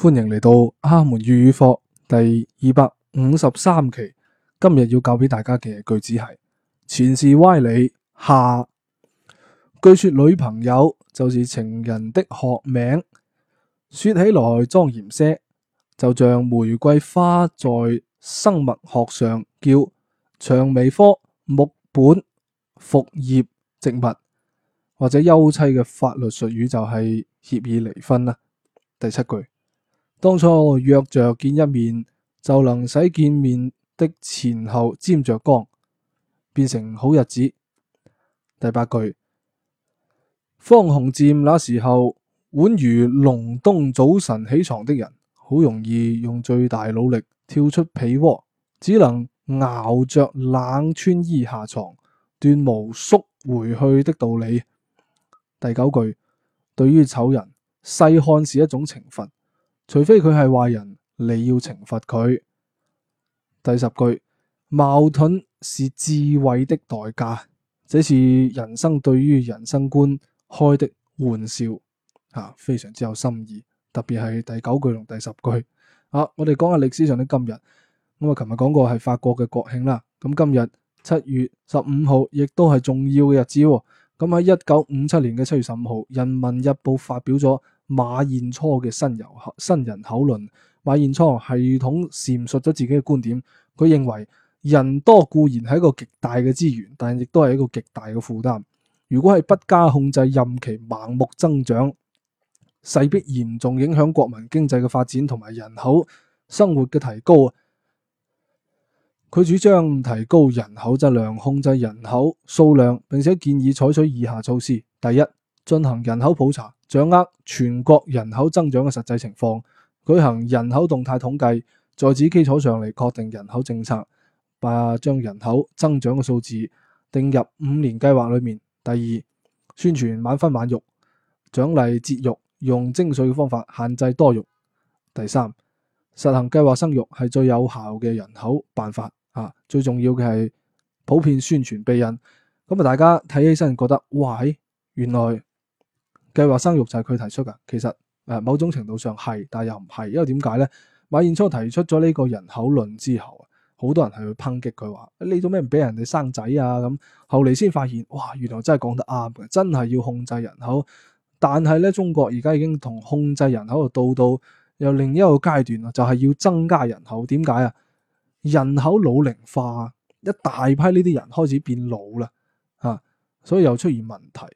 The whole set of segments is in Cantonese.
歡迎嚟到阿門粵語課第二百五十三期。今日要教俾大家嘅句子係：錢氏歪理下，據說女朋友就是情人的學名，說起來莊嚴些，就像玫瑰花在生物學上叫薔薇科木本複葉植物，或者休妻嘅法律術語就係協議離婚啦。第七句。當初約着見一面，就能使見面的前後沾着光，變成好日子。第八句，方鴻漸那時候，宛如隆冬早晨起床的人，好容易用最大努力跳出被窩，只能熬着冷穿衣下床，斷無縮回去的道理。第九句，對於醜人，細看是一種懲罰。除非佢係壞人，你要懲罰佢。第十句，矛盾是智慧的代價，這是人生對於人生觀開的玩笑，吓、啊、非常之有深意。特別係第九句同第十句，啊，我哋講下歷史上的今日。咁啊，琴日講過係法國嘅國慶啦。咁今日七月十五號，亦都係重要嘅日子。咁喺一九五七年嘅七月十五號，《人民日報》發表咗。馬寅初嘅新，新人口新人口論，馬寅初系統闡述咗自己嘅觀點。佢認為人多固然係一個極大嘅資源，但亦都係一個極大嘅負擔。如果係不加控制任其盲目增長，勢必嚴重影響國民經濟嘅發展同埋人口生活嘅提高。佢主張提高人口質量，控制人口數量，並且建議採取以下措施：第一，進行人口普查。掌握全國人口增長嘅實際情況，舉行人口動態統計，在此基礎上嚟確定人口政策，啊，將人口增長嘅數字定入五年計劃裏面。第二，宣傳晚婚晚育，獎勵節育，用徵稅嘅方法限制多育。第三，實行計劃生育係最有效嘅人口辦法。啊，最重要嘅係普遍宣傳避孕。咁啊，大家睇起身覺得哇，原來～計劃生育就係佢提出噶，其實誒、呃、某種程度上係，但係又唔係，因為點解咧？馬寅初提出咗呢個人口論之後啊，好多人係去抨擊佢話你做咩唔俾人哋生仔啊咁、嗯，後嚟先發現哇，原來真係講得啱嘅，真係要控制人口。但係咧，中國而家已經同控制人口到到又另一個階段啦，就係、是、要增加人口。點解啊？人口老齡化，一大批呢啲人開始變老啦，吓、啊，所以又出現問題。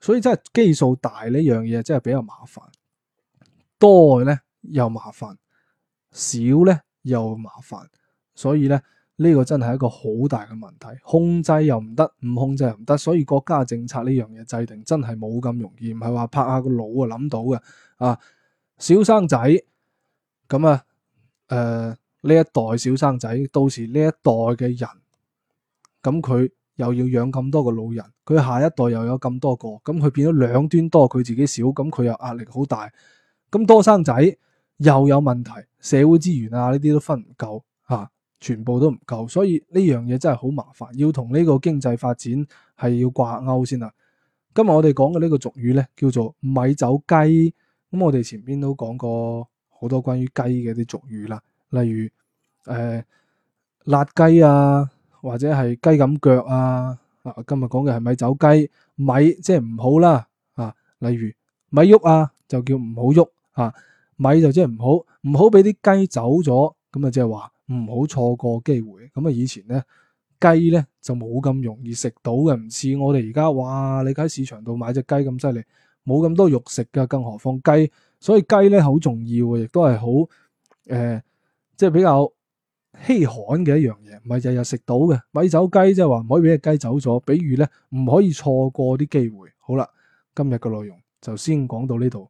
所以真係基數大呢樣嘢真係比較麻煩，多咧又麻煩，少咧又麻煩，所以咧呢個真係一個好大嘅問題，控制又唔得，唔控制又唔得，所以國家政策呢樣嘢制定真係冇咁容易，唔係話拍下個腦啊諗到嘅啊，小生仔咁啊，誒、呃、呢一代小生仔，到時呢一代嘅人，咁佢。又要養咁多個老人，佢下一代又有咁多個，咁佢變咗兩端多，佢自己少，咁佢又壓力好大。咁多生仔又有問題，社會資源啊呢啲都分唔夠，嚇、啊，全部都唔夠，所以呢樣嘢真係好麻煩，要同呢個經濟發展係要掛鈎先啦。今日我哋講嘅呢個俗語咧，叫做咪走雞。咁我哋前邊都講過好多關於雞嘅啲俗語啦，例如誒、呃、辣雞啊。或者係雞咁腳啊！今日講嘅係咪走雞，咪即係唔好啦啊！例如咪喐啊，就叫唔好喐啊！咪就即係唔好，唔好俾啲雞走咗，咁啊即係話唔好錯過機會。咁啊以前咧雞咧就冇咁容易食到嘅，唔似我哋而家哇！你喺市場度買隻雞咁犀利，冇咁多肉食噶，更何況雞，所以雞咧好重要，亦都係好誒，即係比較。稀罕嘅一樣嘢，唔係日日食到嘅。咪走雞，即係話唔可以俾隻雞走咗。比喻咧，唔可以錯過啲機會。好啦，今日嘅內容就先講到呢度。